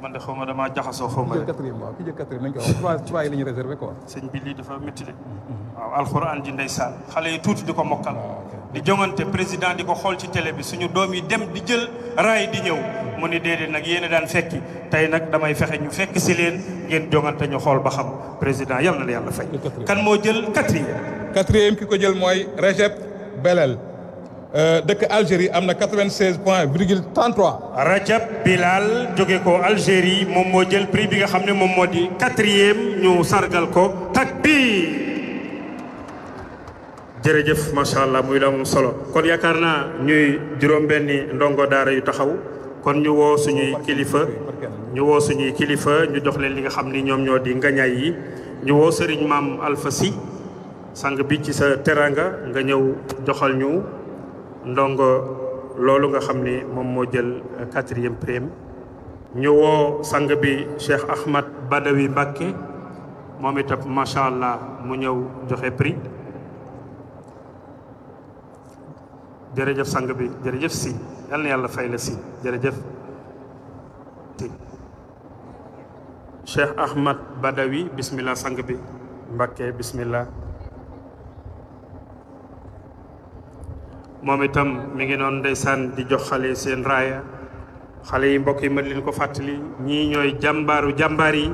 man de xaw ma damaa jaxasoo xaw ma de. ki jël quatrième waaw ki jël quatrième nañ ko wax trois trois yi dafa métti de. Mm, mm, mm. waaw alxuraan ji ndeysaan xale yi tuuti di ko mokkal. Ah, di jongante président di ko xool ci télé bi suñu doom yi dem di jël raay di ñëw moo ni de nag yéen a daan fekki tey nag damay fexe ñu fekk si leen ngeen jongante ñu xool ba xam président yal na la yàlla fay. kan moo jël quatrième. quatrième ki ko jël mooy Recep Belel. Euh, dëkk Algérie am na 96 point virgule 33. Rajab Bilal jóge ko Algérie moom moo jël prix bi nga xam ne moom moo di quatrième ñu sargal ko takbir. jërëjëf macha allah muy la mu solo kon yaakaar naa ñuy juróom-benni ndongo daara yu taxaw kon ñu woo suñuy kilifa ñu woo suñuy kilifa ñu jox leen li nga xam ni ñoom ñoo di ngañaay yi ñu woo sëriñ maam Alpha Sy sang bi ci sa teranga nga ñëw joxal ñu. ndongo loolu nga xamni mom mo jël 4e euh, prime ñu wo sang bi cheikh ahmad badawi mbàkke moom itam macha allah mu ñew joxe prix jërëjëf sang bi jërëjëf si yal na yalla fay la si jërëjëf cheikh ahmad badawi bismillah sang bi mbacke bismillah moom itam mi ngi noonu ndeysaan di jox xale seen raaya xale yi mbokk yi mën leen ko fàttali ñii ñooy jàmbaaru jàmbaar yi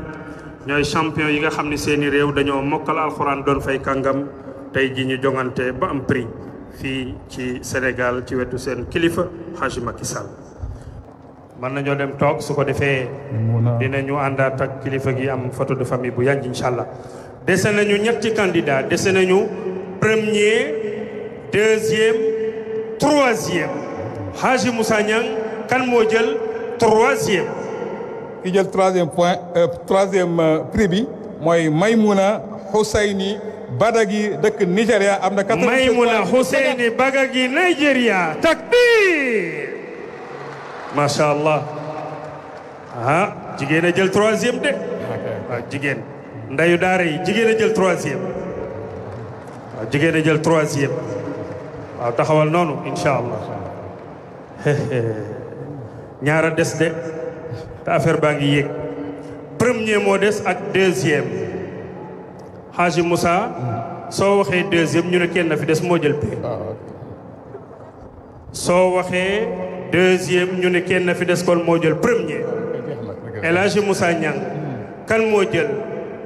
ñooy champion yi nga xam ne seeni réew dañoo mokkal alxuraan doon fay kàngam tey ji ñu jongante ba am prix fii ci Sénégal ci wetu seen kilifa Hadji Macky Sall mën nañoo dem toog su ko defee dinañu àndaat ak kilifa gi am photo de famille bu yàgg incha allah dese nañu ñetti candidat dese nañu premier deuxième troisième Haji Moussa Niang kan moo jël troisième ki jël troisième point euh, troisième euh, prix bi mooy Maymuna Husseini Badagi dëkk Nigéria am na. Maymuna Husseini Badagi Nigéria takbir macha allah ah jigéen a jël troisième de. waaw jigéen ndayu daara yi jigéen a jël troisième waaw jigéen a jël troisième. waaw taxawal noonu incha allah ñaara des de te affaire baa ngi yéeg premier moo des ak deuxième Haji Moussa soo waxee deuxième ñu ne kenn na fi des moo jël waxee deuxième ñu ne kenn na fi des kon moo jël premier El Haji Moussa Niang kan moo jël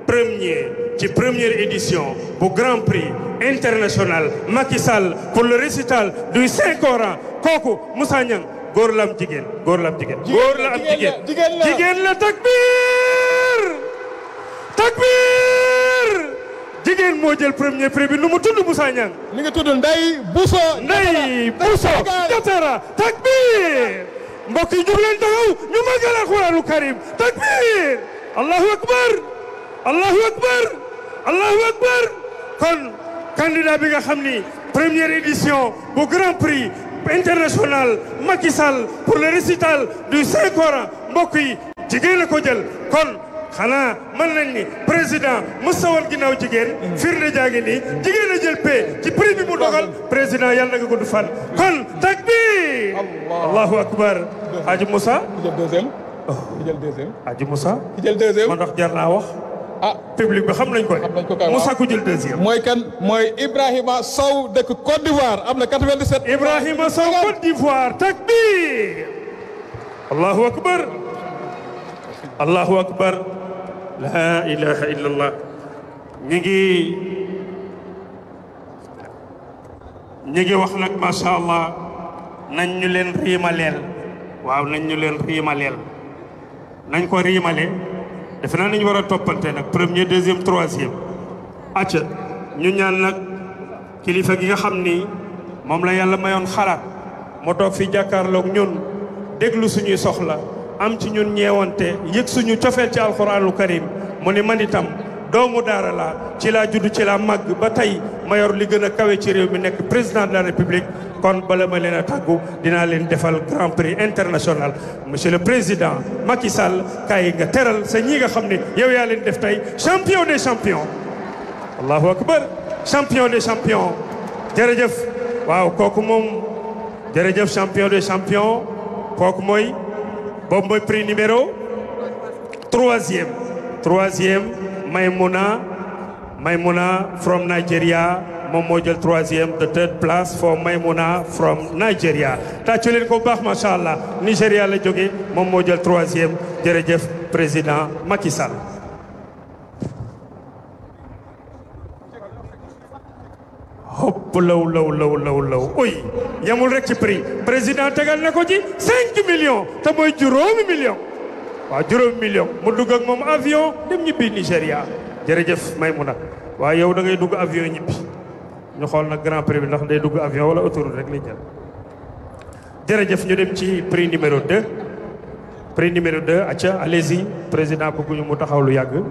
premier ci première édition du grand prix international Makissal, Sall pour le récital du Saint Coran Koko, Moussa Niang Gorlam la Gorlam jigéen Gorlam la takbir takbir moi j'ai premier prix nous nu tudd Moussa Niang. mi ngi tudd Ndeye Bousso. Ndeye Bousso takbir ñu takbir allahu akbar allahu akbar allahu akbar kon candidat bi nga xamni première édition bu grand prix international Macky Sall pour le récital du Saint Coran mbok yi jigéen ko jël kon xana man lañ ni président mësta woon jigen firna jaagi ni jigéen a jël ci prix bi mu dogal président yalla nga du fan kon takbir allahu akbar Haji Moussa jël deuxième oh. jël deuxième Haji Moussa jël deuxième man wax wax ah public bi xam nañ ko. xam nañ ko mooy kan mooy Ibrahima soow dëkk Côte d'Ivoire am na 97. Ibrahima Sow Côte d'Ivoire takbir. allahu akbar. la ilaha illallah. ñu ngi ñu wax nag macha allah nañ ñu leen riimaleel waaw nañ ñu leen riimaleel nañ ko riimale. defe naa nañu war a toppante nag premier deuxième troisième acca ñu ñaan nag kilifa gi nga xam ni moom la yàlla mayoon xalaat moo toog fi jàkkaarloog ñun déglu suñuy soxla am ci ñun ñeewante yëg suñu cofeel ci alxuraanul karim mu ni man doomu daara la ci laa judd ci laa màgg ba tey ma li kawe ci réew mi président de la république kon bala ma leen a leen defal grand prix international monsieur le président Macky Sall nga teral sa ñi nga xam ne yow yaa leen champion des champions allahu akbar champion des champions jërëjëf waaw kooku moom champion des champions kooku mooy boobu prix numéro troisième troisième may Maimuna Maimuna from Nigeria moom moo jël troisième the third place for Maimuna from Nigeria tàccu leen baax macha allah Nigeria la jóge moom moo jël troisième jërëjëf président Macky Sall. hopp law law law law uy yamul rek ci prix président tegal na ko ci 5 millions te mooy juróomi millions. waaw juróom million mu dugg ak moom avion dem ñibbi Nigéria jërëjëf Maymuna waaye yow da ngay dugg avion ñibbi ñu xool nag grand prix bi ndax day dugg avion wala autoroute rek lay jël jërëjëf ñu dem ci prix numéro 2 prix numéro 2 acca allez-y président bëgguñu mu taxaw lu yàgg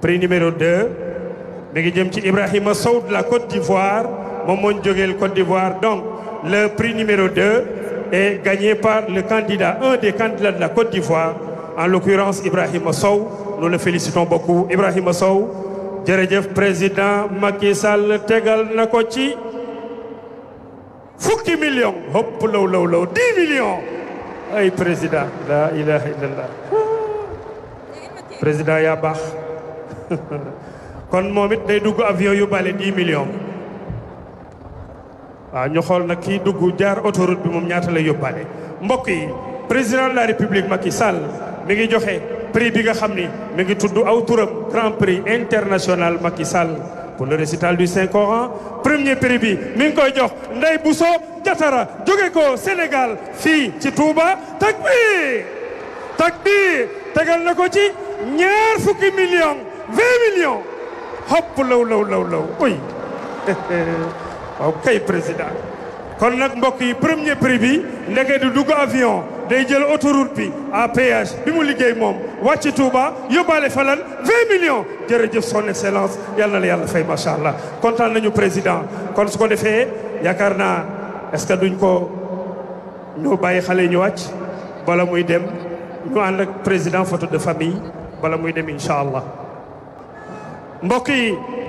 prix numéro 2 mi ngi jëm ci Ibrahima Sow de la Côte d'Ivoire moom de jógeel Côte d'Ivoire donc le prix numéro 2 est gagné par le candidat un des candidats de la Côte d'Ivoire en l'occurrence Ibrahim Sow nous le félicitons beaucoup Ibrahim Sow jërëjëf président Macky Sall tegal Nakoti. 40 millions Hop, million Hop 10 millions ay président la ilaha illallah président Yabach. Quand kon moom day dugg avion yu balé 10 millions nous avons dit que nous dugg jaar autoroute bi moom Mboki, président de la république Macky Sall mi ngi joxe prix bi nga xam ni mi ngi tudd aw turam grand prix international Macky Sall pour le récital du Saint Coran premier prix bi mi ngi koy jox Ndey Bousso Diatara jóge ko Sénégal fii ci Touba takbir takbir tegal na ko ci ñaar fukki million vingt millions hopp law uy waaw kay président kon on premier prix bi ndeke du dugg avion day jël autoroute bi à péage bi mu liggéey moom wàcc Touba yóbbaale falal. 20 millions son excellence Il na la fay macha allah nañu président kon su ko defee yaakaar est-ce que duñ ko ñu bàyyi xale ñu wàcc bala muy dem président photo de famille bala muy dem incha allah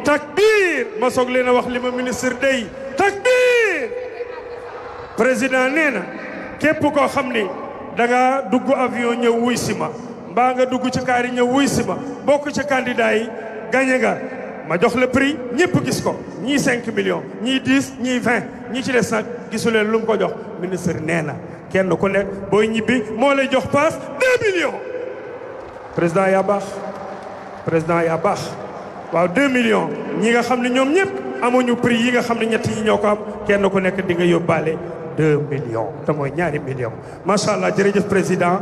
takbir a wax li ministre day takbir président nee na képp koo xam ni da nga dugg avion ñëw wuy si ma mbaa nga dugg ci kaar yi ñëw wuy si ma bokk ci candidat yi gañe nga ma jox la prix ñëpp gis ko ñii cinq millions ñi 10 ñi 20 ñi ci des nag gisuleen lu ko jox ministre nee na kenn ku nekk boo ñibbi moo lay jox paas 2 millions président ya baax président yaa baax waaw 2 millions ñi nga xam ne ñoom ñëpp amooñu prix yi nga xam ne ñett yi ñoo ko am kenn ku nekk di nga yóbbaale 2 مليون تمو مليون ما شاء الله جريجف بريزيدان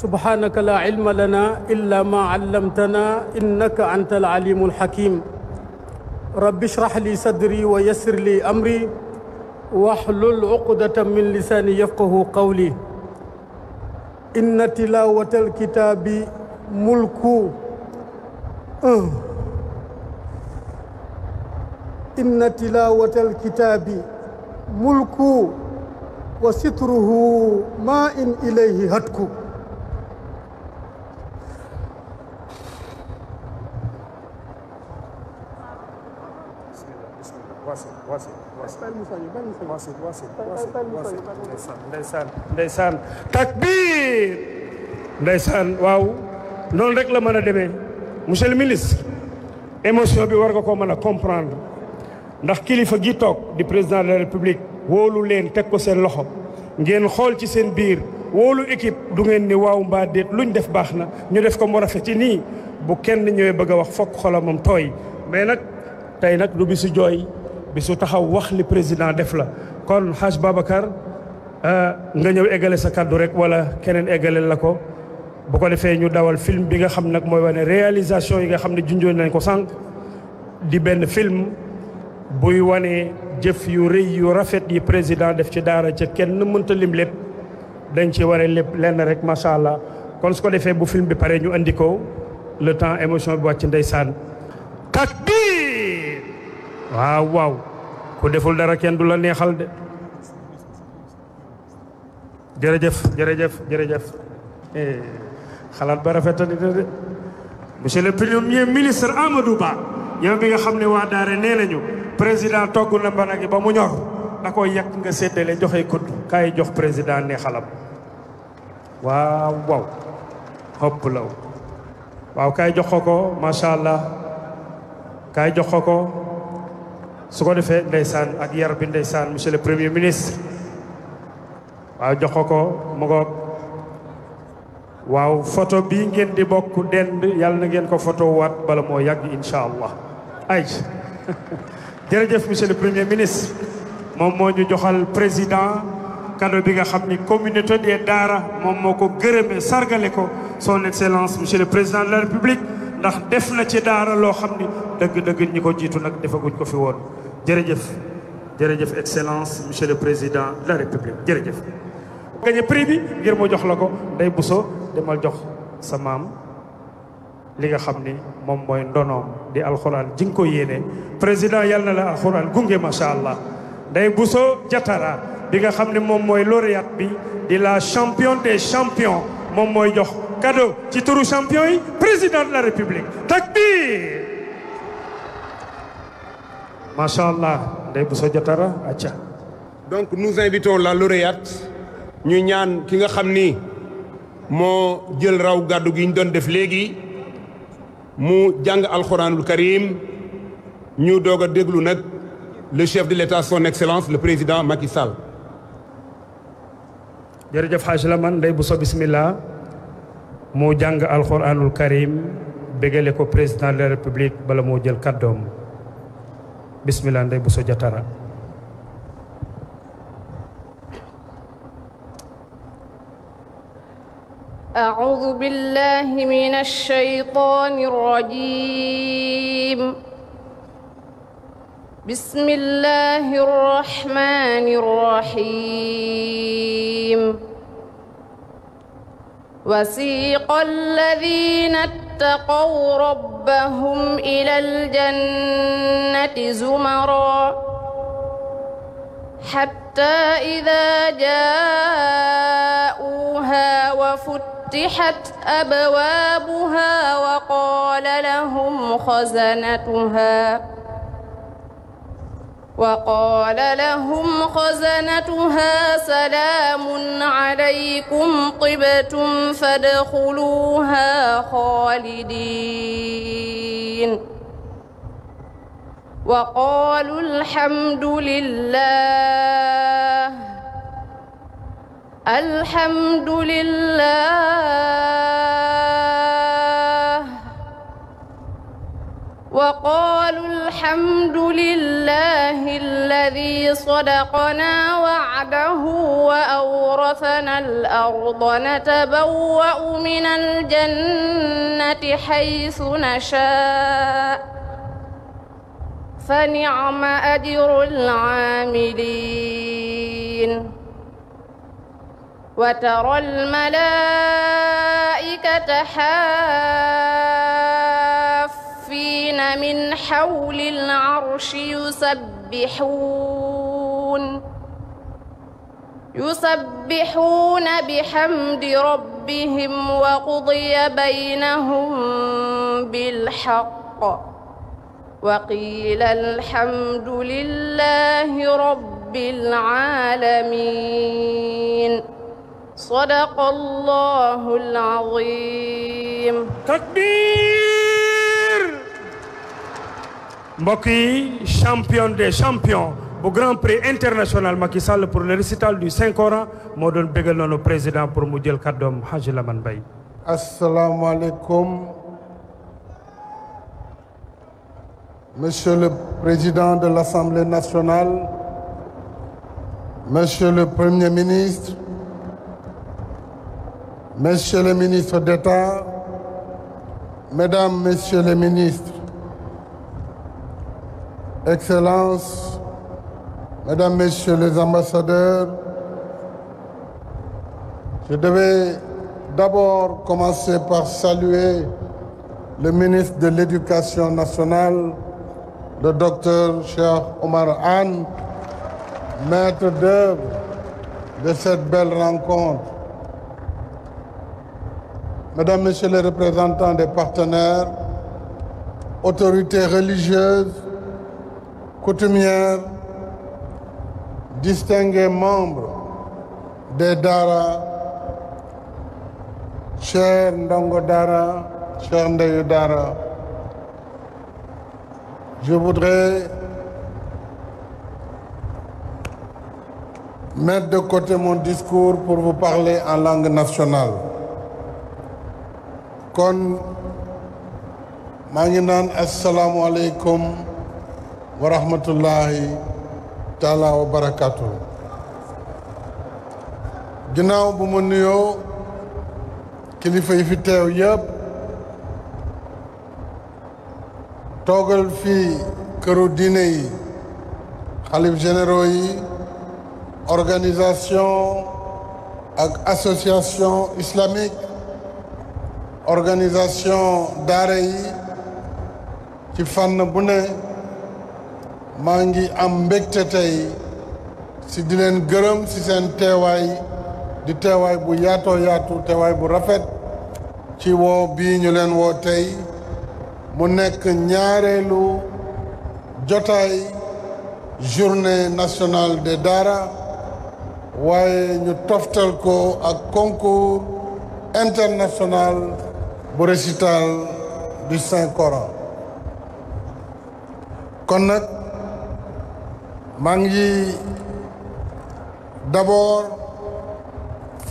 سبحانك لا علم لنا الا ما علمتنا انك انت العليم الحكيم رب اشرح لي صدري ويسر لي امري واحلل عقدة من لساني يفقه قولي ان تلاوة الكتاب ملك ان تلاوة الكتاب ملك mulku wa sitruhu ma in ilayhi hatku takbir ndeysaan waaw noonu rek la mën a deme monsieur le ministre émotion bi war nga koo mën a comprendre ndax kilifa gi toog di président de la république woolu leen teg ko seen loxo ngeen xool ci seen biir woolu équipe du ngeen ni waaw mbaa déet luñ def baax na ñu def ko mu rafet ci nii bu kenn ñëwee bëgg a wax fokk xolam moom tooy mais nag tey nag du bisu jooy bisu taxaw wax li président def la kon Hadj Babacar euh, nga ñëw eggale sa kàddu rek wala keneen eggaleel la ko bu ko defee ñu dawal film bi nga xam nag mooy ne réalisation yi nga xam ne junjoon nañ ko sànq di film buy wane jëf yu rëy yu rafet yi président def ci daara ca kenn mënta lim lépp dañ ci waree lépp lenn rek macha allah kon su ko defee bu film bi paree ñu andi ko le temps émotion bi wàcc ndeysaan takbir waaw waaw ku deful dara kenn du la neexal de jërëjëf jërëjëf jërëjëf eh, xalaat ba rafetani de monsieur le premier ministre Amadou Ba yow bi nga xam ne waa daara nee nañu président togg na mbanak yi ba mu ñor da ko yàq nga séddale joxe kudd kaay jox président ne xalam waaw waaw hopp law kaay jox ko ko macha allah kaay jox ko ko su ko defee ndeysaan ak yar bi ndeysaan monsieur le premier ministre waaw jox ko ko mu photo bii ngeen di bokk dend yàlla na ngeen ko photo wat bala moo yàgg incha allah ay jërëjëf monsieur le premier ministre moom moo ñu joxal président cadeau bi nga xam ni communauté des daara moom moo ko gërëmee sargale ko son excellence monsieur le président de la république ndax def na ci daara loo xam ni dëgg-dëgg ñi ko jiitu nag defaguñ ko fi woon jërëjëf jërëjëf excellence monsieur le président de la république jërëjëf gañe prix bi ngir mu jox la ko day buso demal jox sa maam li nga xam ni moom mooy ndonoom di alxuraan ji nga ko yéene président yàlla na la alxuraan gunge macha allah day Bousso Diatara bi nga xam ne moom mooy lauréate bi di la champion des champion moom mooy jox cadeau ci turu champion yi président de la république takbir macha allah day Bousso jatara acca donc nous invitons la lauréate ñu ñaan ki nga xam ni moo jël raw gàddu gi ñu doon def léegi mu jàng alxuraanul karim ñu doog a déglu nag le chef de l'état son excellence le président Macky Sall. jërëjëf xaaj la man ndey bu so bismillah mu jàng alxuraanul karim bégale ko président de la république bala moo jël kàddoom bismillah ndey bu so jatara أعوذ بالله من الشيطان الرجيم بسم الله الرحمن الرحيم وسيق الذين اتقوا ربهم إلى الجنة زمرا حتى إذا جاءوها وفتحوا فتحت أبوابها وقال لهم خزنتها وقال لهم خزنتها سلام عليكم طبتم فادخلوها خالدين وقالوا الحمد لله الحمد لله وقالوا الحمد لله الذي صدقنا وعده وأورثنا الأرض نتبوأ من الجنة حيث نشاء فنعم أجر العاملين وترى الملائكة حافين من حول العرش يسبحون يسبحون بحمد ربهم وقضي بينهم بالحق وقيل الحمد لله رب العالمين sadaqallahul azim takbir champion des champions Au grand prix international Macky Sall pour le récital du Saint Coran moo doon le président pour mu Kadom kàddoom Hadji Bay Assalamu Monsieur le Président de l'Assemblée nationale, Monsieur le Premier ministre, Monsieur le ministre d'État, Mesdames, Messieurs les ministres, Excellences, Mesdames, Messieurs les ambassadeurs, je devais d'abord commencer par saluer le ministre de l'Éducation nationale, le docteur Cheikh Omar Han, maître d'œuvre de cette belle rencontre. Mesdames, Messieurs les représentants des partenaires, autorités religieuses, coutumières, distingués membres des Dara, chers Ndongo Dara, chers Ndeyu Dara, je voudrais mettre de côté mon discours pour vous parler en langue nationale. kon ma ngi naan asalaamualeykum wa rahmatullahi taala wa barakaatu ginnaaw bu ma nuyoo kilifa yi fi teew yëpp toogal fii këru diine yi xalif généraux yi organisation ak association islamique organisation daara yi ci fànn bu ne maa ngi am mbégte tey si di leen gërëm ci seen teewaay di teewaay bu yaatoo yaatu teewaay bu rafet ci woo bii ñu leen woo tey mu nekk ñaareelu jotaay journée nationale de daara waaye ñu toftal ko ak concours international récital du saint coran kon nak ma ngi d'abord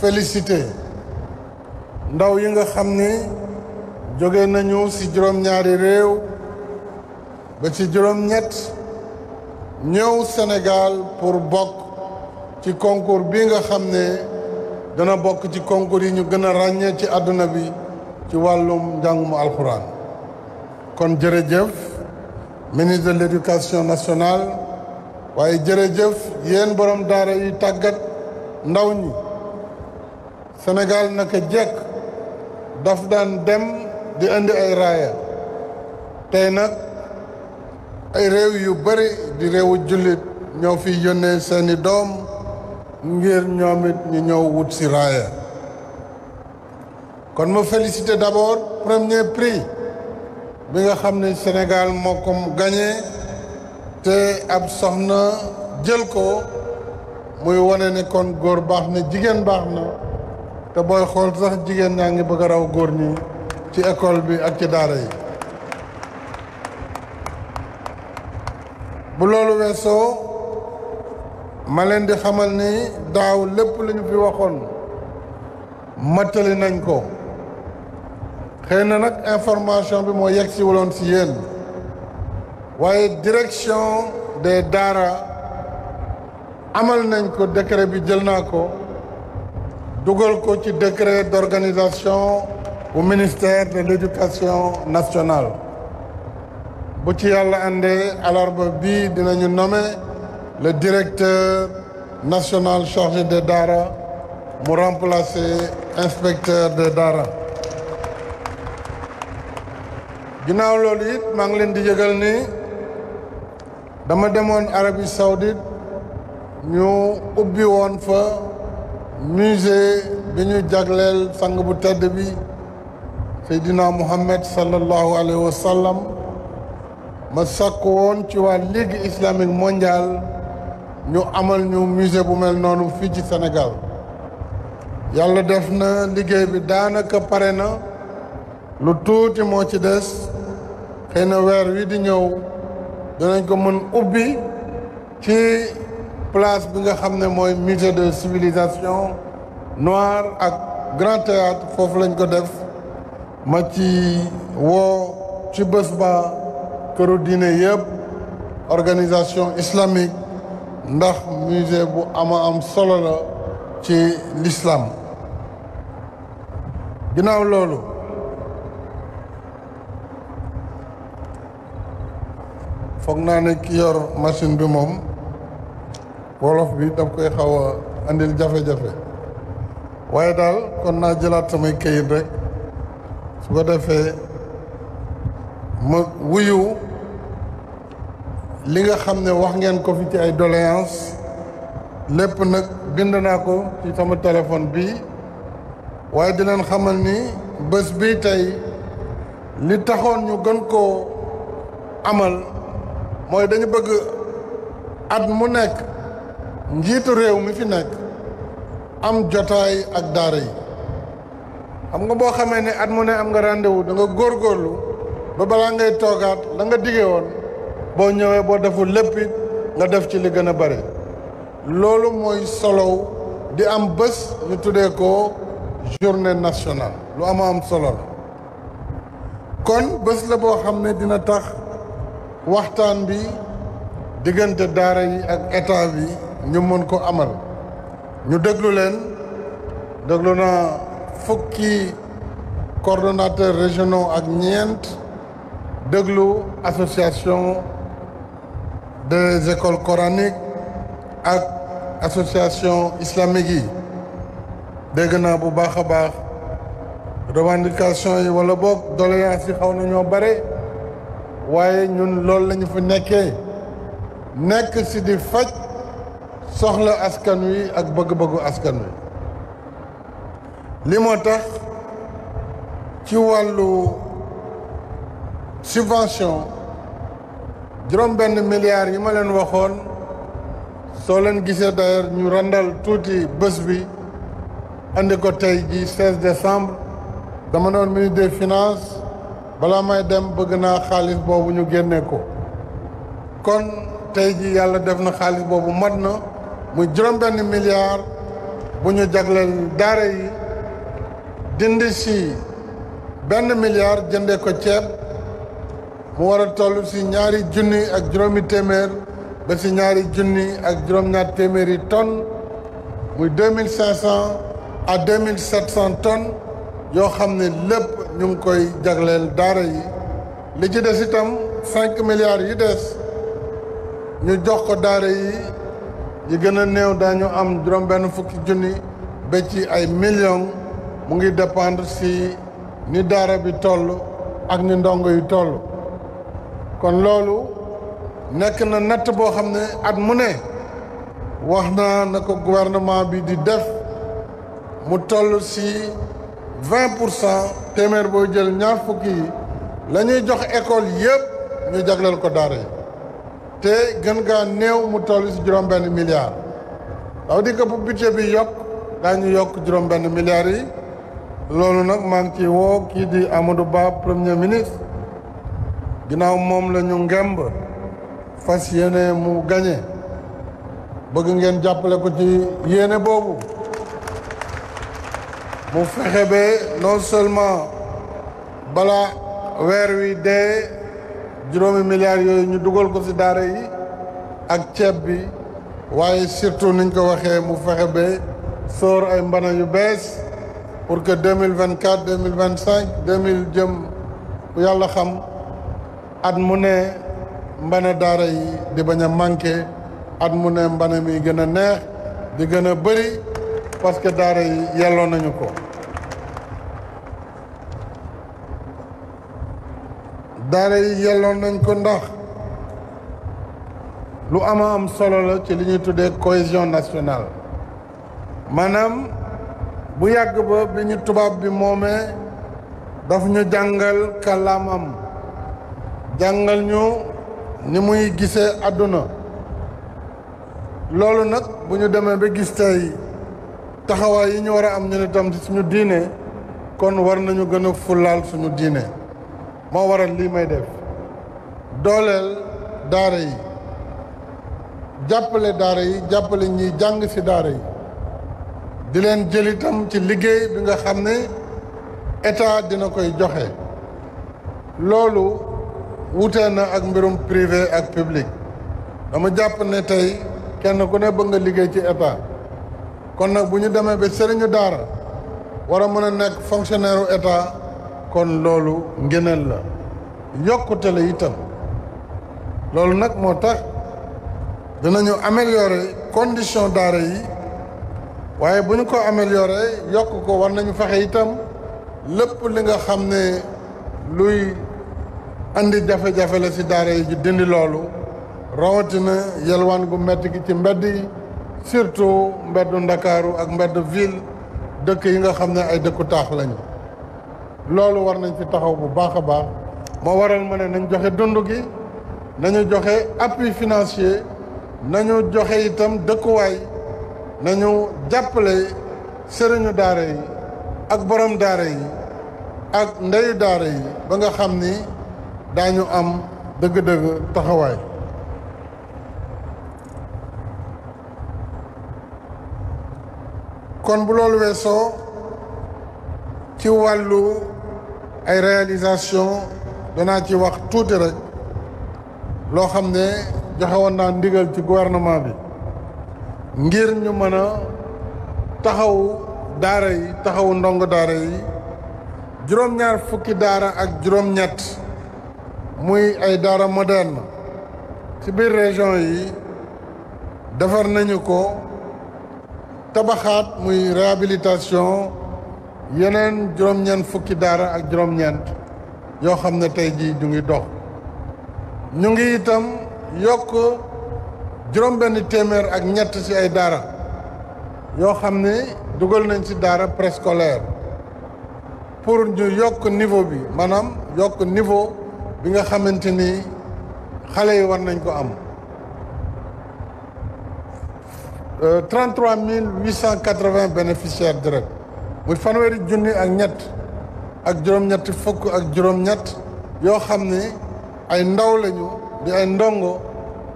féliciter ndaw yi nga xam nyari nañu ci juroom ñaari réew ba ci juroom ñett ñew Sénégal pour bok ci concours bi nga xam dana bok ci concours yi ñu gëna ragné ci aduna bi ci walum jangum alquran kon jërëjëf ministre de l'éducation nationale waaye jërëjëf yeen borom daara yi tagat ndaw ñi senegal naka jek daf daan dem di andi ay raaya tay nak ay rew yu bari di rew julit ñoo fi yone seeni doom ngir ñoomit ñi ñoo wut ci raaya kon ma félicité d'abord premier prix bi nga xam ne Sénégal moo ko gagné te ab soxna jël ko muy wane ni kon góor baax na jigéen baax na te booy xool sax jigéen ñaa ngi bëgg a raw góor ñi ci école bi ak ci daara yi bu loolu weesoo ma leen di xamal ni daaw lépp lañu bi fi waxoon mattali nañ ko Et une autre information bi mo yexi si ci direction des DARA amal nañ ko décret bi jël ko décret d'organisation au ministère de l'éducation nationale bu ci yàlla alors alarba bi dinañu nommer le directeur national chargé des DARA mu remplacer inspecteur des DARA. ginnaaw loolu it maa ngi leen di yëgal ni dama demoon arabi Saoudite ñu ubbi woon fa musée bi ñu jagleel sang bu tedd bi Seydina Muhammad sallallahu alayhi wa sallam ma sàkk woon ci waa Ligue islamique mondiale ñu amal ñu musée bu mel noonu fii ci Sénégal yàlla def na liggéey bi daanaka pare na lu tuuti moo ci des xëy na weer de di qui place bi musée de civilisation noire ak grand théâtre foofu lañ ko def ma ci woo ci bés islamique musée bu ama am solo la l'islam foog naa ne ki yor machine bi moom wolof bi daf koy xaw andil jafe-jafe waaye daal kon naa jëlaat samay kayit rek su ko defee ma wuyu li nga xam ne wax ngeen ko fi ci ay doléance lépp nag bind naa ko ci sama téléphone bi waaye di leen xamal ni bés bii tey li taxoon ñu gën koo amal mooy dañu bëgg at mu nekk njiitu réew mi fi nekk am jotaay ak daara yi xam nga boo xamee ne at mu ne am nga rendez-vous da nga góorgóorlu ba balaa ngay toogaat la nga digee woon boo ñëwee boo deful lépp nga def ci li gën a bare loolu mooy solow di am bés ñu tuddee ko journée nationale lu ama am solo la kon bés la boo xam ne dina tax waxtaan bi diggante daara yi ak état bi ñu mën ko amal ñu déglu leen déglu na fukki coordonnateurs régionaux ak ñeent déglu association des écoles coraniques ak association islamique yi dégg naa bu baax a baax revendication yi wala boog doléance yi xaw na ñoo bare waaye ñun loolu lañu fi nekkee nekk ci di faj soxla askan wi ak bëgg-bëggu askan wi lii moo tax ci wàllu subvention juróom benn milliards yi ma leen waxoon soo leen gisee d'ailleurs ñu randal tuuti bés bi andi ko tey ji 16 dama ne woon ministre des finances balaa may dem bëgg naa xaalis boobu ñu génne ko kon tey ji yàlla def na xaalis boobu mat na muy juróom-benn milliard bu ñu jagleel daara yi dindi si benn milliard jënde ko ceeb mu war a toll si ñaari junni ak juróomi téeméer ba si ñaari junni ak juróom-ñaar téeméeri tonnes muy deux mille cinq cent à deux tonnes yoo xam ne lépp ñu ngi koy jagleel daara yi li ci des itam cinq milliards yi des ñu jox ko daara yi yi gën a néew daañu am juróom fukki junni ba ci ay millions mu ngi dépendre si ni daara bi toll ak ni ndongo yu toll kon loolu nekk na natt boo xam ne at mu ne wax naa na ko gouvernement bi di def mu toll si 20 témèr boy jël ñaar fukki yi la jox école yépp ñu jagleel ko daara yi te gën nga néw mu toll ci juróom-benn milliard ça di ko bu budget bi yokk ñu yokk juróom-benn milliard yi loolu nag maa ngi ci woo kii di Amadou Ba premier ministre ginnaaw moom la ñu ngemb fas yéene mu gagné bëgg ngeen jàppale ko ci yéene boobu mu fexe ba non seulement bala weer wi dee juróomi milliards yooyu ñu dugal ko ci daara yi ak ceeb bi waaye surtout niñ ko waxee mu fexe ba sóor ay mbana yu bees pour que deux mille vingt quatre deux mille vingt cinq deux mille jëm yàlla xam at mu ne mbana daara yi di bañ a manqué at mu ne mbana mi gën a neex di gën a bëri parce que daara yi yelloo nañu ko daara yi yelloo nañ ko ndax lu ama am solo la ci li ñuy tuddee cohésion nationale maanaam bu yàgg ba bi ñu tubaab bi moomee daf ñu jàngal kàllaamam jàngal ñu ni muy gisee àdduna loolu nag bu ñu demee ba gis tey taxawaay yi ñu war a am ñu ne tam ci suñu diine kon war nañu gën a fulaal suñu diine moo waral lii may def dooleel daara yi jàppale daara yi jàppale ñiy jàng ci daara yi di leen jël itam ci liggéey bi nga xam ne état dina koy joxe loolu wute na ak mbirum privé ak public dama jàpp ne tey kenn ku ne bëgg nga liggéey ci état. kon nag bu ñu demee ba sëriñu daara war a mën a nekk fonctionnaire u état kon loolu ngëneel la yokkute la itam loolu nag moo tax dinañu améliorer condition daara yi waaye bu ñu ko améliorer yokku ko war nañu fexe itam lépp li nga xam ne luy andi jafe-jafe la ci daara yi ji dindi loolu rawatina yelwaan gu metti gi ci mbedd yi surtout mbedd ndakaaru ak mbedd ville dëkk yi nga xam ne ay dëkku taax lañu loolu war nañ ci taxaw bu baax a baax moo waral ma ne nañu joxe dund gi nañu joxe appui financier nañu joxe itam dëkkuwaay nañu jàppale sëriñu daara yi ak borom daara yi ak ndeyu daara yi ba nga xam ni daañu am dëgg-dëgg taxawaay kon bu loolu weesoo ci wàllu ay réalisation danaa ci wax tuuti rek loo xam ne joxe naa ndigal ci gouvernement bi ngir ñu mën a taxaw daara yi taxaw ndongo daara yi juróom-ñaar fukki daara ak juróom-ñett muy ay daara moderne ci biir région yi defar nañu ko tabaxat muy réhabilitation yenen juroom ñen fukki dara ak juroom ñen yo xamne tay ji ñu ngi dox ñu ngi itam yok juroom ben témèr ak ñett ci ay dara, yo xamne dugal nañ ci dara préscolaire pour ñu yok niveau bi manam yok niveau bi nga xamanteni ni yi war nañ ko am 33 euh, 880 bénéficiaires direct muy fanweeri junni ak ñett ak juróom-ñetti fukk ak juróom-ñett yoo xam ni ay ndaw lañu di ay ndongo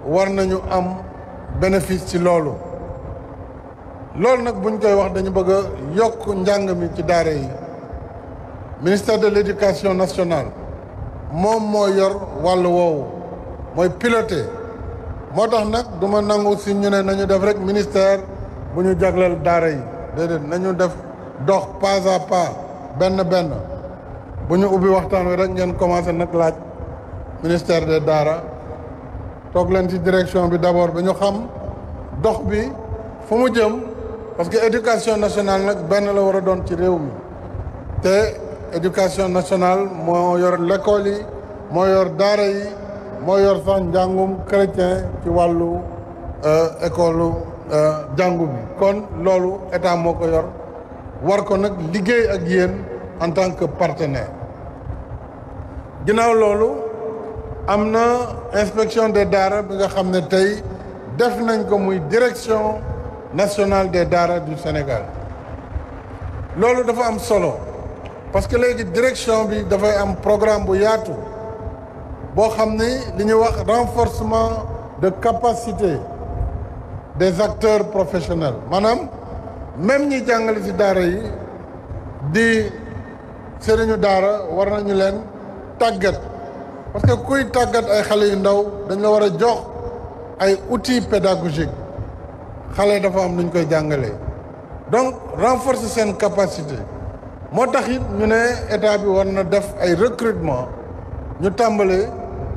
war nañu am bénéfice ci loolu loolu nag buñ koy wax dañu bëgg a yokk njàng mi ci daare yi ministère de l'éducation nationale moom moo yor wàll woowu mooy piloté motax nak duma du nangu si ñu ne nañu def rek ministère bu ñu jagleel daara yi déedéet nañu def dox pas à pas benn benn bu ñu ubbi waxtaan wi rek ngeen commencé nak laaj ministère des daara toog leen ci direction bi d'abord ba ñu xam dox bi fu mu jëm parce que éducation nationale nag benn la war doon ci réew mi te éducation nationale moo yor l'école yi moo yor daara yi moo yor sax chrétien euh, école de euh, bi kon yor war ko en tant que partenaire Lolo, amna inspection des daara bi nga direction nationale des daara du Sénégal que dafa am solo parce que la direction bi dafay am programme bu boo xam ni wax renforcement de capacité des acteurs professionnels maanaam même ñi jàngale ci daara yi di sëriñu daara war nañu leen tàggat parce que kuy tàggat ay xale yu ndaw dañ la war a jox ay outils pédagogiques xale dafa am nuñ koy jàngalee donc renforcer seen capacité moo tax it ñu ne état bi war na def ay recrutement ñu tàmbalee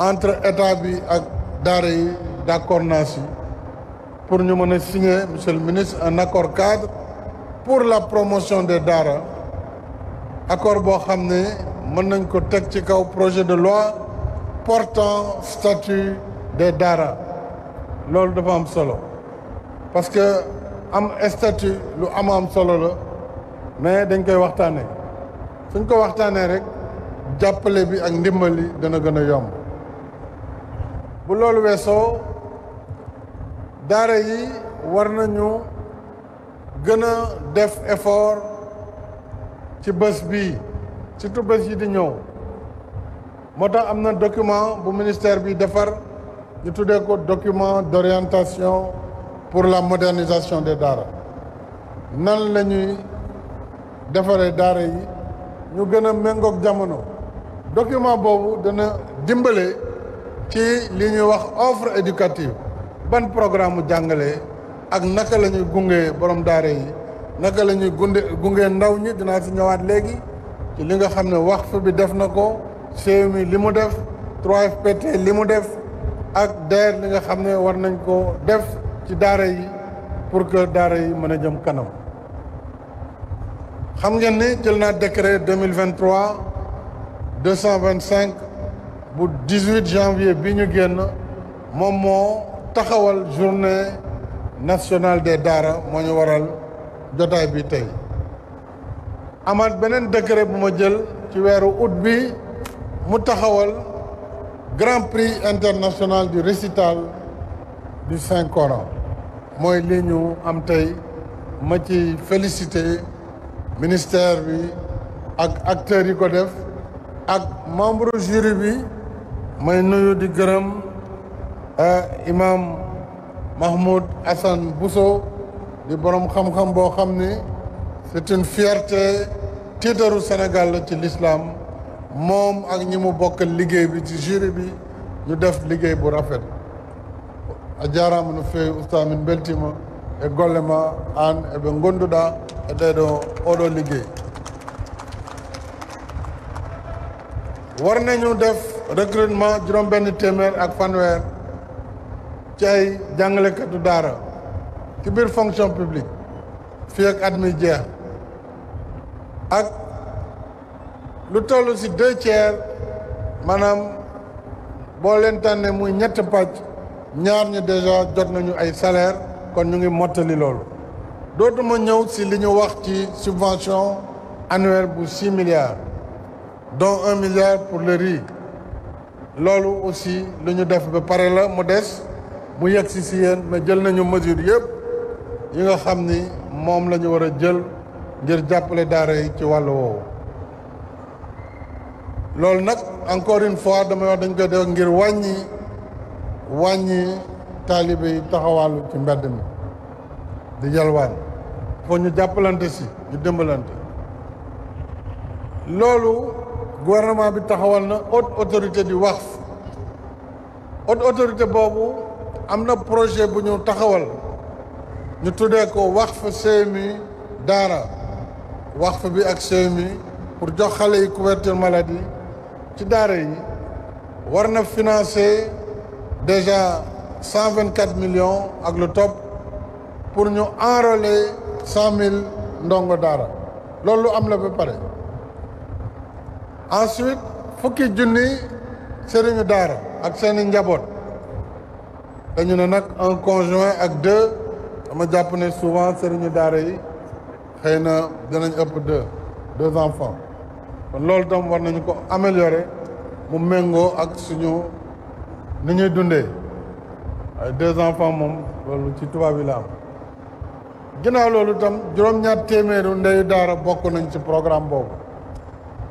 entre état bi ak daara yi d' accord pour ñu mën signer monsieur le ministre un accord cadre pour la promotion des Dara. accord boo xam ne mën ko teg ci kaw projet de loi portant statut des Dara. loolu dafa am solo parce que am statut lu am am solo la mais dañ koy waxtaanee suñ ko waxtaanee rek jàppale bi ak ndimbali dana gën a yomb bu loolu weesoo daara yi war nañu gën a def effort ci bés bii surtout bés yi di ñëw moo tax am na document bu ministère bi defar ñu tuddee ko document d'orientation pour la modernisation des daara nan lañuy ñuy defaree daara yi ñu gën a méngoog jamono document boobu dana dimbale ci li ñuy wax offre éducative ban programme mu jàngale ak naka lañuy ñuy gunge borom daare yi naka la ñuy gunde gunge ndaw ñi dinaa ci ñëwaat léegi ci li nga xam ne waqf bi def na ko CMU li mu def 3FPT li mu def ak DER li nga xam ne war nañ ko def ci daara yi pour que daara yi mën a jëm kanam xam ngeen ni jël naa décret 2023 225 le 18 janvier bi ñu génn la journée nationale des Dara... moo ñu waral jotaay bi tey amaat Benen décret bu ma jël ci grand prix international du récital du Saint Coran mooy li ñu am tey ma ci ministère bi ak acteurs yi ko def ak jury may nuyu di gërëm imam Mahmoud Hassan Bousso di borom xam-xam boo xam ni c'est une fierté tiitaru Sénégal la ci l'islam moom ak ñi mu bokkal liggéey bi ci jury bi ñu def liggéey bu rafet a jaaraama no feewi e gollema ma e eɓe gonduɗa e oɗo e liggéey war nañu def recrutement juróom benn téeméer ak fanweer ci ay jàngalekatu daara ci biir fonction publique fii ak at mi jeex ak lu toll si deux tiers maanaam boo leen tànnee muy ñett pàcc ñaar ñi déjà jot nañu ay salaire kon ñu ngi mottali loolu dootuma ñëw si li ñu wax ci subvention annuelle bu six milliards dont un milliard pour le riz loolu aussi lu ñu def ba pare la mu des mu yegg si si yéen jël nañu mesure yëpp yi nga xam ni moom lañu ñu war a jël ngir jàppale daara yi ci wàllu woowu. loolu nag encore une fois damay wax dañ koy def ngir wàññi wàññi taalibe yi taxawaalu ci mbedd mi di yalwaan foo ñu jàppalante si ñu dimbalante loolu. gouvernement bi taxawal na haute autorité du waqf haute autorité bobu amna projet bu ñu taxawal ñu tuddé ko waqf CMU daara waqf bi ak semi pour jox xalé yi couverture maladie ci dara yi warna financer déjà 124 millions ak le top pour ñu enrôler 100000 ndongo dara am la ba pare. ensuite fukki junni sëriñu daara ak seeni njaboot dañu ne nag un conjoint ak deux dama jàpp ne souvent sëriñu daara yi xëy na danañ ëpp deux deux enfants kon loolu tam war nañu ko ameliore mu méngoo ak suñu ni ñuy dundee ay deux enfants moom loolu ci tubaab yi la am ginnaaw loolu tam juróom-ñaar téeméeru ndeyu daara bokk nañu ci programme boobu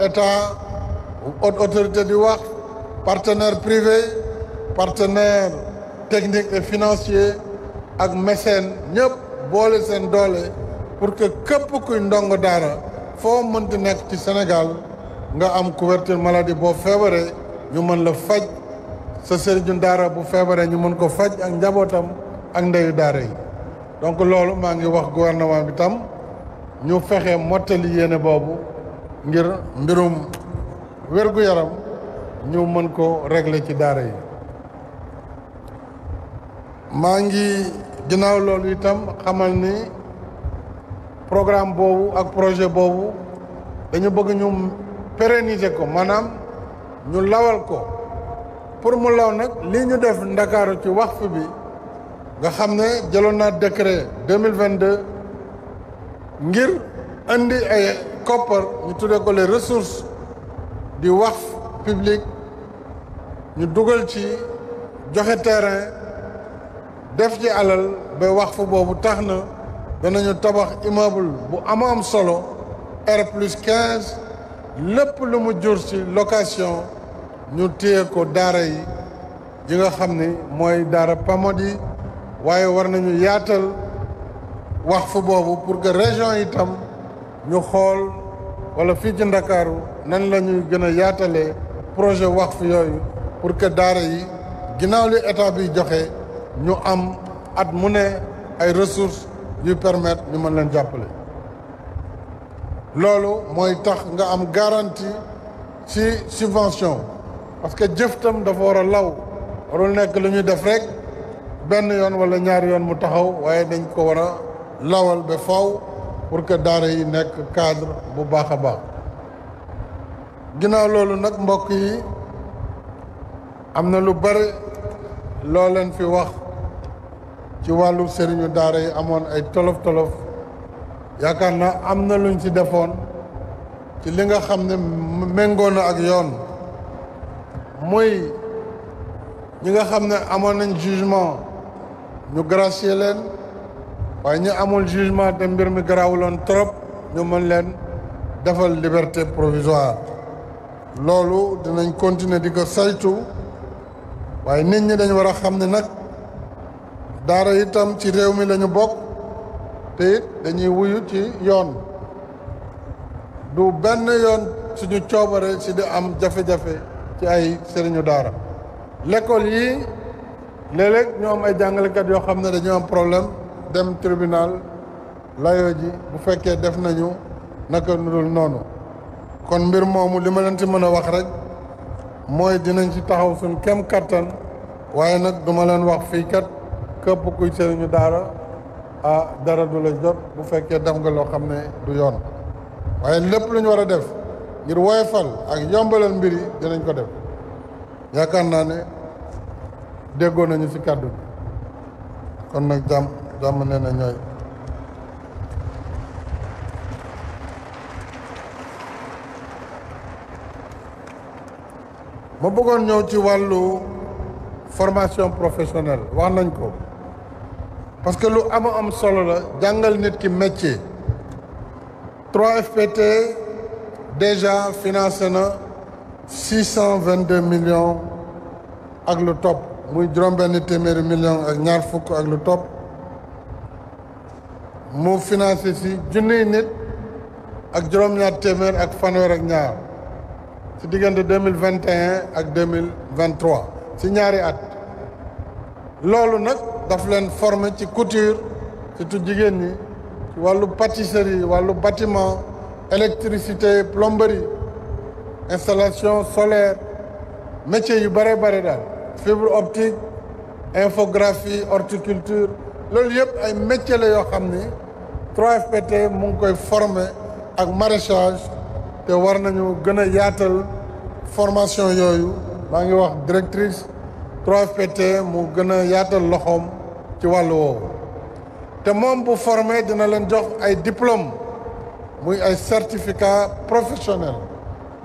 état haute autorité du wax partenaire privé partenaire technique et financier agmessen mécène ñëpp boole pour que képp kuy ndongo daara foo mënti nekk ci Sénégal nga am couverture maladie boo feebaree ñu mën la faj sa sëriñu dara bu feebaree ñu mën ko faj ak njabootam ak ndeyu dara yi donc lolu ma ngi wax gouvernement bi tam ñu fexé bobu ngir mbirum wér-gu-yaram ñu mën ko régle ci daara yi maa ngi ginnaaw loolu itam xamal ni programme boobu ak projet boobu dañu bëgg ñu pérenniser ko maanaam ñu lawal ko pour mu law nag lii ñu def ndakaaru ci waxtu bi nga xam ne jëloon naa décret deux mille vingt deux ngir indi ay koppar ñu les ressources du public ñu dugal ci joxe terrain def ci alal ba waqf boobu tax na danañu tabax immeuble bu am solo R plus 15 lépp lu mu location ñu téye ko daara yi yi nga xam ni mooy daara pamod pour que région itam ñu xool wala fii ci ndakaaru nan la ñuy gën a yaatalee projet waqf yooyu pour que daara yi ginnaaw li état bi joxe ñu am at mu ne ay ressources yuy permettre ñu mën leen jàppale. loolu mooy tax nga am garantie ci subvention parce que jëf tam dafa war a law warul nekk lu ñuy def rek benn yoon wala ñaari yoon mu taxaw waaye dañ ko war a lawal ba faw pour que daara yi nekk cadre bu baax a baax ginnaaw loolu nag mbokk yi am na lu bari loo leen fi wax ci wàllu sëriñu daara yi amoon ay tolof tolof yaakaar na am na luñ ci defoon ci li nga xam ne méngoo na ak yoon mooy ñi nga xam ne amoon nañ jugement ñu gracier leen waaye ñu amul jugement de mbir mi garaawuloon trop ñu mën leen defal liberté provisoire loolu dinañ continuer di ko saytu waaye nit ñi dañ war a xam ne nag daara itam ci réew mi lañu bokk te dañuy wuyu ci yoon du benn yoon suñu coobare si di am jafe-jafe ci ay sëriñu daara lekkool yi léeg-léeg ñu am ay jàngalekat yoo xam ne dañu am problème dem tribunal layo ji bu fekke def nañu naka nul nonu kon mbir momu lima lan ci meuna wax rek moy dinañ ci taxaw sun kem katan, waye nak duma leen wax fi kat képp kuy sëriñu dara a dara du la jot bu fekke def nga lo xamne ne du yoon waye lepp luñu wara def ngir woyfal ak yombalal mbiri dinañ ko def yakarna ne deggo nañu ci kaddu kon nak jam. jàmm na ñooy ma bëggoon ñëw ci walu formation professionnelle wax nañ ko parce que lu am am solo la jàngal nit ki métier 3FPT déjà financé na 622 millions ak lu topp muy juróom-benn téeméeri millions ak ñaar fukk ak lu topp mon financé ci junniy nit ak juróom-ñaar téeméer ak fanwer ak ñaar ci diggante 2021 et ak 2023 ci ñaari at loolu nag daf leen former ci couture surtout jigéen ñi ci wàllu pâtisserie wàllu bâtiment électricité plomberie installation solaire métier yu bare bare daal fibre optique infographie horticulture loolu yëpp ay métier la yoo xam ni 3FPT mu ngi koy former ak maraîchage te war nañu gën a yaatal formation yooyu maa ngi wax directrice 3FPT mu gën a yaatal loxoom ci wàllu woowu te moom bu formé dina leen jox ay diplôme muy ay certificat professionnel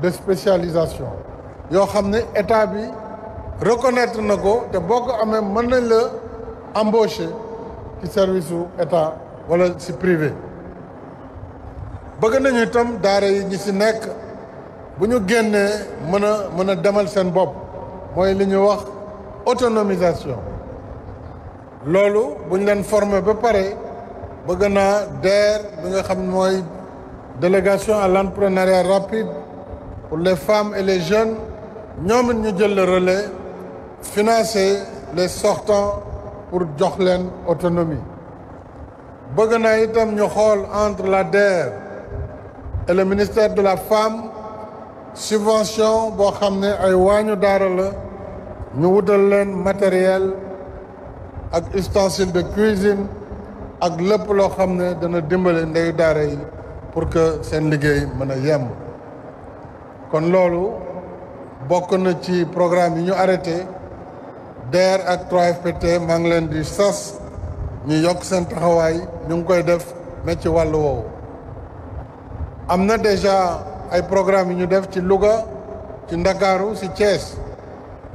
de spécialisation yoo xam ne état bi reconnaître na ko te boo ko amee mën nañ la embaucher service ou état wala ci privé bëgg nañu tam daara yi ñi ci nekk a mën a demal autonomisation loolu vous leen former ba délégation à l'entrepreneuriat rapide pour les femmes et les jeunes ñoom ñu le relais financer les sortants pour jox leen autonomie bëgg na itam ñu xool entre la DER et le ministère de la femme subvention boo xam ne ay waañu daara la ñu wutal leen matériel ak ustensile de cuisine ak lépp loo xam ne dana dimbale ndeyu daara yi pour que seen liggéey mën a yemb kon loolu bokk na ci programme yi ñu arrêté DER ak 3FPT maa ngi leen di sas ñu yokk seen taxawaay ñu ngi koy def ne ci wàllu woowu am na déjà ay programme yu ñu def ci Louga ci Ndakaaru si Thiès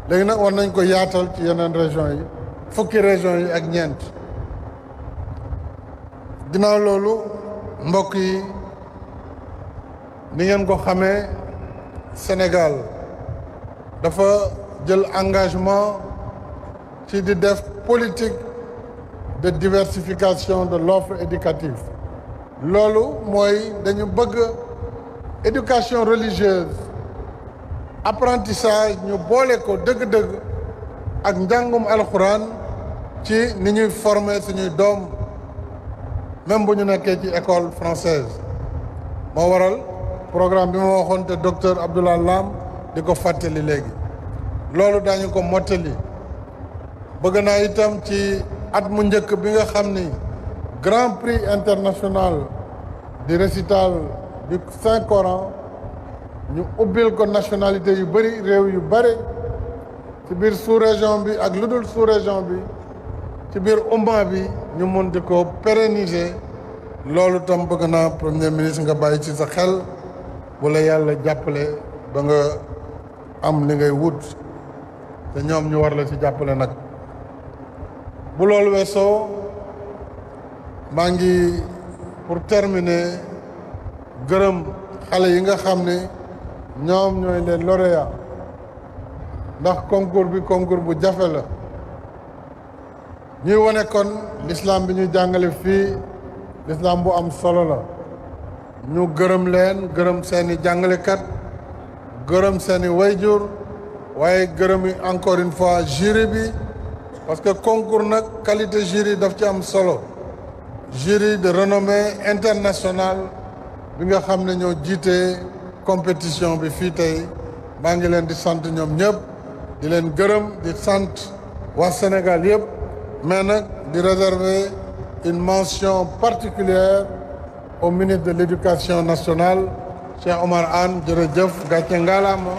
léegi nag war nañ ko yaatal ci yeneen région yi fukki région yi ak ñeent dina loolu mbokk yi ni ngeen ko xamee Sénégal dafa jël engagement ci di def politique de diversification de l'offre éducative lolo moi dañu bëgg éducation religieuse apprentissage ñu boole ko dëgg-dëgg ak al Quran, ci ni former suñuy doom même bu ñu nekkee ci école française moo waral programme bi ma waxoon docteur Abdoulaye Lam di fateli fàttali léegi loolu bëgg naa itam ci at mu njëkk bi nga xam grand prix international de récital du Saint Coran ñu ubbil ko nationalité yu bëri réew yu bëri ci biir sous-région bi ak lu dul sous-région bi ci biir umma bi ñu mun di ko pérenniser loolu tam bëgg premier ministre nga bàyyi ci sa xel wala yàlla jàppale ba nga am li ngay wut te ñoom ñu war la ci jàppale nag bu loolu weesoo maa ngi pour terminer gërëm xale yi nga xam ne ñoom ñooy les lauréats ndax concours bi concours bu jafe la ñuy wane kon l'islam bi ñu jàngale fii l'islam bu am solo la ñu gërëm leen gërëm seeni jàngalekat gërëm seeni wayjur waaye gërëm encore une fois jury bi parce que concours de qualité jury daf ci solo jury de renommée internationale nous avons xam ne ñoo compétition bi fii tey maa ngi leen di sant ñoom ñëpp di leen gërëm di Sénégal mais une mention particulière au ministre de l'éducation nationale Cheikh Omar Anne jërëjëf de ngaalaama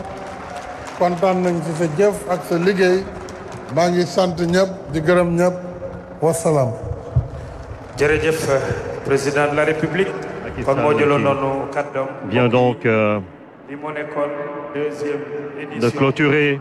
kontaan nañ ci sa jëf de sa Ligue maa ngi sant ñëpp di gërëm ñëpp wasalaam. jërëjëf euh, président de la république. kon moo jëloon noonu kàddoom. vient donc euh, de clôturer